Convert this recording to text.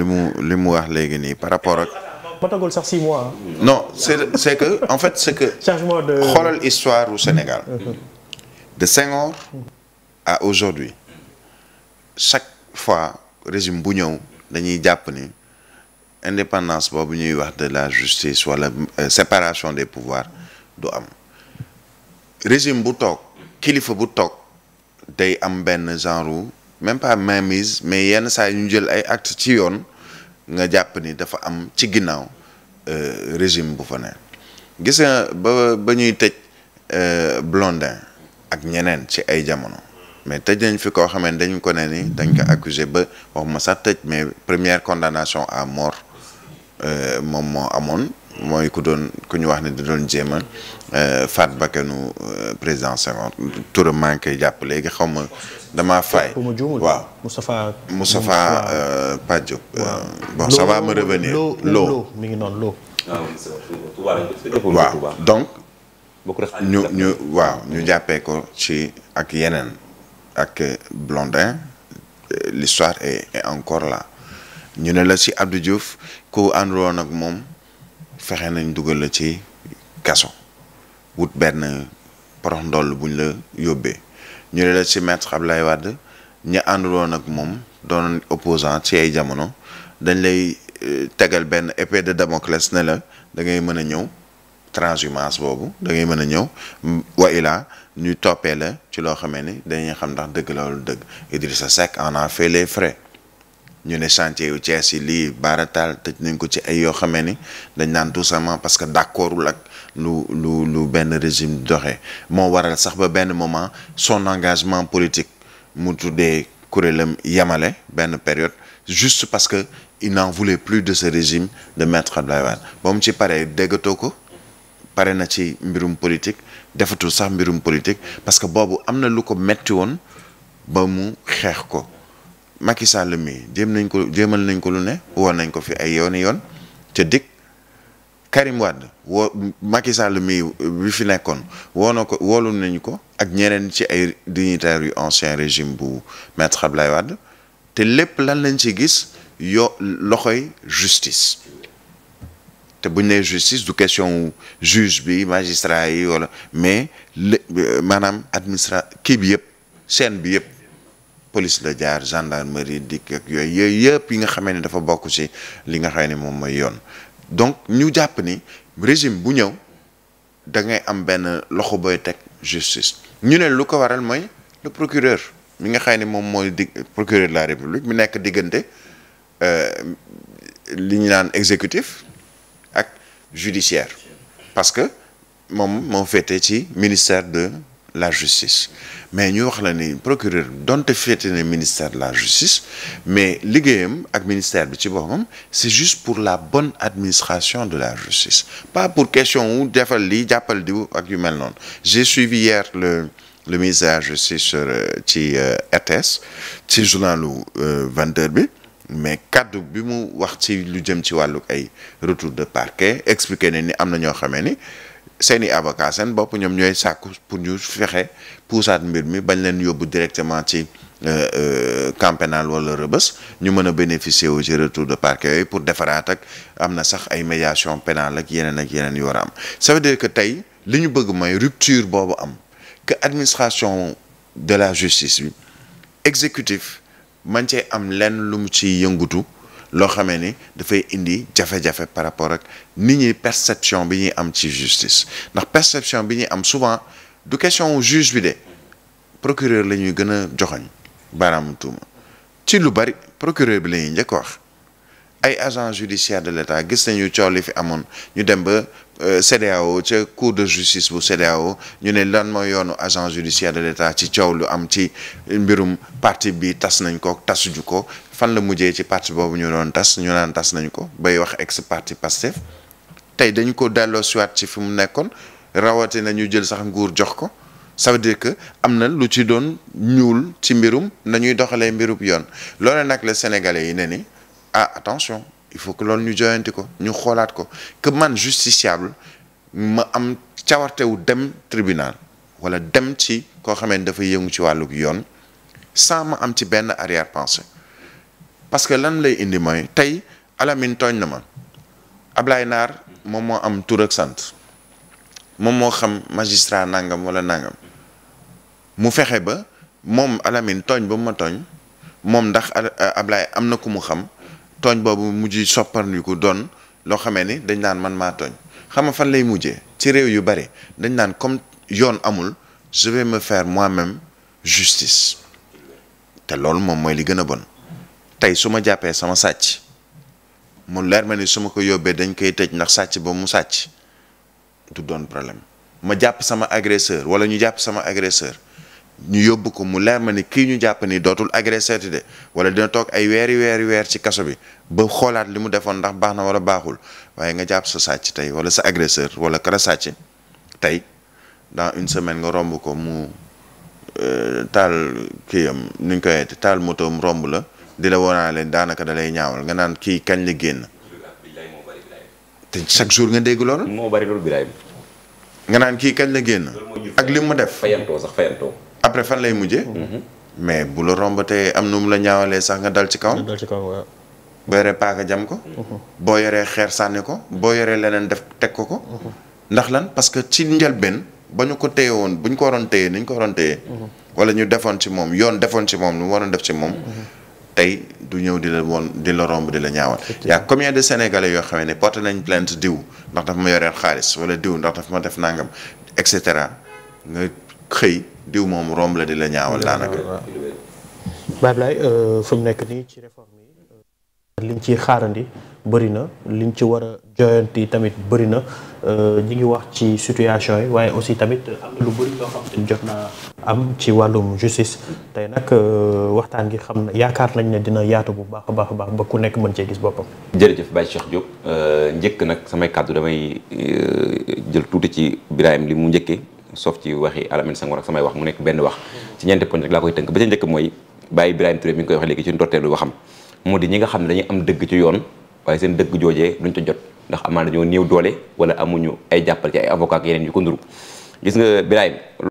li mu li mu wax léegi nii par rapport ak. matagul sax six mois. non c' est que en fait c' est que. changement de xoolal histoire au Sénégal. Mhm. de Senghor. à aujourd'hui chaque fois régime bu ñëw dañuy jàpp ni indépendance boobu ñuy wax de la justice wala euh, séparation des pouvoirs du am régime bu toog kilifa bu toog day am benn genre même pas mainmise mais yenn saa yi ñu jël ay act ci yoon nga jàpp ni dafa am ci ginnaaw euh, régime bu fa ne gis nga ba ba ñuy tëj euh, Blondin ak ñeneen ci ay jamono mais tëj nañ fi koo xamee dañ ko ne ni dañ ko accusé ba waxuma sax tëj mais première condamnation à mort euh, moom moo amoon mooy ku doon ku ñu wax ne da doon jéem a euh, faat bakkanu euh, président Senghor turam maa ngi koy jàpp léegi xaw ma dama faay. waaw Moustapha. Moustapha euh, Padio. bon ça va me revenir. loo mi ngi noonu loo. Ah, waaw donc. ñu ñu waaw ñu jàppee ko ci ak yeneen ak Blondin l'histoire est encore là ñu ne la ci Abdou Diouf ku ànduloon ak moom. fexe nañ dugal la ci kaso wut benn porox ndoll buñ la yóbbee ñu ne la ci maître Abdoulaye Wade ñu ànduloon ak moom doon opposant ci ay jamono dañ lay euh, tegal benn épée de Damoclès ne la da mën a ñëw transhumance boobu da ngay mën a ñëw wa ilaa ñu toppee la ci loo xamee ni dañuy xam ndax dëgg la walla dëgg Idrissa Seck en a fait les frais ñu ne chantier yu Thiès yi lii baarataal tëj nañ ko ci ay yoo xamee ni dañ naan tout parce que d'accordul ak lu lu lu benn régime doxee moo waral sax ba benn moment son engagement politique mu tuddee kuréelam yemale benn période juste parce que il n'en voulait plus de ce régime de maître Abdoulaye Wade ba mu ci paree déggatoo ko pare na ci mbirum politique defatul sax mbirum politique parce que boobu am na lu ko metti woon ba mu xeex ko Macky Sall mii jéem nañ ko jéemal nañ ko lu ne woo nañ ko fi ay yooni yoon te dikk Karim Wade woo Macky Sall mii bi fi nekkoon woo na ko woolu nañ ko ak ñeneen ci ay dignitaires yu ancien régime bu maître Abdoulaye Wade te lépp lan lañ ci gis yo loxoy justice te buñ nee justice du question juge bi magistrat yi wala mais euh, maanaam administra kii bi yëpp chaîne bi yëpp police la jaar gendarmerie dikk yooyu yooyu yëpp yi nga xamee ne dafa bokk ci li nga xam ne moom mooy yoon donc ñu jàpp ni régime bu ñëw da ngay am benn loxo booy teg justice ñu ne lu ko waral mooy le procureur mi nga xam ne moom mooy di procureur de la république mu nekk diggante euh, li ñu naan exécutif ak judiciaire parce que moom moo féete ci ministère de la justice mais ñu wax la ni procureur donte féete na ministère de la justice mais liggéeyam ak ministère bi ci boppam c'est juste pour la bonne administration de la justice pas pour question wu defal lii jàppal di ak yu mel noonu j'ai suivi hier le le ministère de la justice sur euh, ci euh, RTS ci journalu 22 euh, bi mais kaddu bi mu wax ci lu jëm ci wàllu ay retour de parquet expliqué ne ni am na ñoo xamee ni seen i avocat seen bopp ñoom ñooy sàkku pour ñu fexe puusaat mbir mi bañ leen yóbbu directement ci euh, euh, camp pénal wala rëbës ñu mën a bénéficier wu ci retour de parquet yooyu pour defaraat ak am na sax ay médiation pénale ak yeneen ak yeneen yu war a am ça veut dire que tey li ñu bëgg mooy rupture boobu am que administration de la justice bi exécutif man cee am lenn lu mu ciy yëngutu loo xamee ni dafay indi jafe-jafe par rapport ak nit ñi perception bi ñuy am ci justice ndax perception bi ñuy am souvent du question juge bi de procureur la ñuy gën a joxoñ baaraamu tuuma ci lu bari procureur bi la njëkk wax ay agents judiciaires de l'État gis nañu coow li fi amoon ñu dem ba euh, CEDEAO ca cour de justice bu CEDEAO ñu ne lan mooy yoonu agent judiciaire de l'État ci coow lu am ci mbirum partie bi tas nañ ko tasuju ko fan la mujjee ci parti boobu ñu doon tas ñu naan tas nañu ko bay wax ex parti Pastef tey dañ ko delloo siwaat ci fu mu nekkoon rawatina ñu jël sax nguur jox ko ça veut dire que am na lu ci doon ñuul ci mbirum nañuy doxalee mbirub yoon loole nag la sénégalais yi ne ni ah attention il faut que loolu ñu joyanti ko ñu xoolaat ko que man justiciable ma am cawartewu dem tribunal wala dem ci koo xamee dafa yëngu ci wàllug yoon sans am ci benn arrière pensée parce que lan lay indi mooy tey Alamine tooñ na ma Ablaye Naar moom moo am tur ak sant moom moo xam magistrat nangam wala nangam mu fexe ba moom Alamine tooñ ba mu ma tooñ moom ndax euh, Ablaye am na ku mu xam tooñ boobu mujj sopparnu ko doon loo xamee ni dañ naan man maa tooñ xam nga fan lay mujjee ci réew yu bari dañ naan comme yoon amul je vais me faire moi-même justice te loolu moom mooy li gën a bon. tey su ma jàppee sama sàcc mu leer ma ni su ma ko yóbbee dañ koy tëj ndax sàcc ba mu sàcc du doon problème ma jàpp sama agresseur wala ñu jàpp sama agresseur ñu yóbbu ko mu leer ma ni kii ñu jàpp ni dootul agresseur de wala dina toog ay weeri weeri weer ci kaso bi ba xoolaat li mu defoon ndax baax na wala baaxul waaye nga jàpp sa sàcc tey wala sa agresseur wala kala sàcc tey dans une semaine nga romb ko mu euh, taal kii am nu ñu koy taal moto mu romb la. di la waraale daanaka dalay ñaawal nga naan kii kañ la génn. te chaque nga dégg moo bari loolu Birahim. nga naan kii kañ la génn. ak li mu def. fayantoo sax fayantoo. après fan lay mujje mhm. mais bu la rombatee am nu mu la ñaawalee sax nga dal ci kaw nga ci kawam waaw. boo yoree paaka jam ko. Mhm. boo yoree xeer sànni ko. boo yoree leneen def teg ko ko. Mhm. ndax lan parce que ci njëlbeen ba ñu ko téye woon bu ñu ko waroon téye ni ko waroon téye. wala ñu defoon ci moom yoon defoon ci moom lu mu waroon def ci moom. tey du ñëw di la woon di la romb di la ñaawal. y' a de sénégalais yoo xam ne porté nañ plainte diw ndax dafa ma yoreel xaalis wala diw ndax dafa ma def nangam et cetera nga xëy diw moom romb la di la ñaawal. daanaka Bablaye euh, fu mu nekk nii ci réforme yi euh, liñ ciy xaarandi. bëri na liñ ci war a yi tamit bëri na euh, ñi ngi wax ci situation yi waaye aussi tamit am na lu bëri loo xam te jot naa am ci wàllum justice tey nag euh, waxtaan ngi xam na yaakaar nañ ne dina yaatu bu baax a baax a baax ba ku nekk mën cee gis boppam. jërëjëf Baye Cheikh Diop euh, njëkk nag samay kàddu damay jël tuuti ci Birahim li mu njëkkee soof ci waxi Alamine Senghor ak samay wax mu nekk benn wax ci ñeenti poñ rek laa koy tënk ba ca njëkk mooy Baye Birahim Touré mi ngi koy wax léegi ci ndorteelu waxam moo di ñi nga xam ne dañuy am dëgg ci yoon waaye seen dëkk joojee duñ ko jot ndax amaana ñoo néew doole wala amuñu ay jàppale ci ay avocat ak yeneen yu ko nduru gis nga Birahim